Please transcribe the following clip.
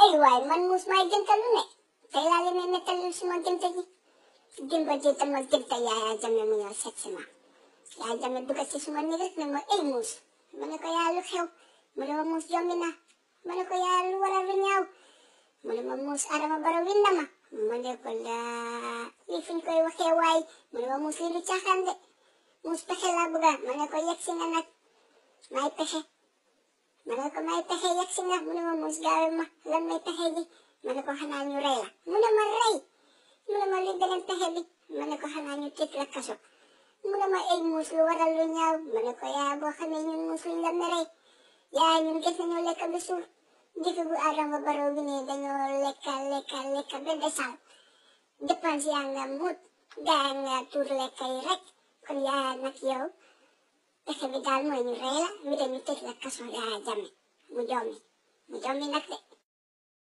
ay waay man mos may gënta lu ne te laa leen a nettalil suma gënta ji dimba ji dama gënta yaaya jame mu ñëw seet si ma yaaya jame dugg si suma néeg rek ne ma ay muus ma ko yaaya lu xew mu ma muus jommi na ko yaaya lu waral lu ñaaw mu ma muus Adama Barrow wind na ma ma ko laa lii fi ñu koy waxee waay ma muus lii lu muus pexe laa bëgga ma ko yegg si nga may pexe ma ne ko may pexe yegg mu ne ma mos gaawe ma lan may pexe ma ne ko xanaa ñu mu ne ma rey mu ne ma luy beneen ma ne ko xanaa ñu tëj mu ne ma ay muus waral lu ñaaw ma ne ko boo xamee ñun muus la merey yaa ñun gis nañu lekk bi suur jëfe bu Adama Barrow bi ne dañoo lekka lekka lekka ba desal dépense yaa muut gaa nga tuur lekka yi rek yaa nag yow Ese vidal mo ni mi de mi a la de muy jame, Muy muy mo jome nace...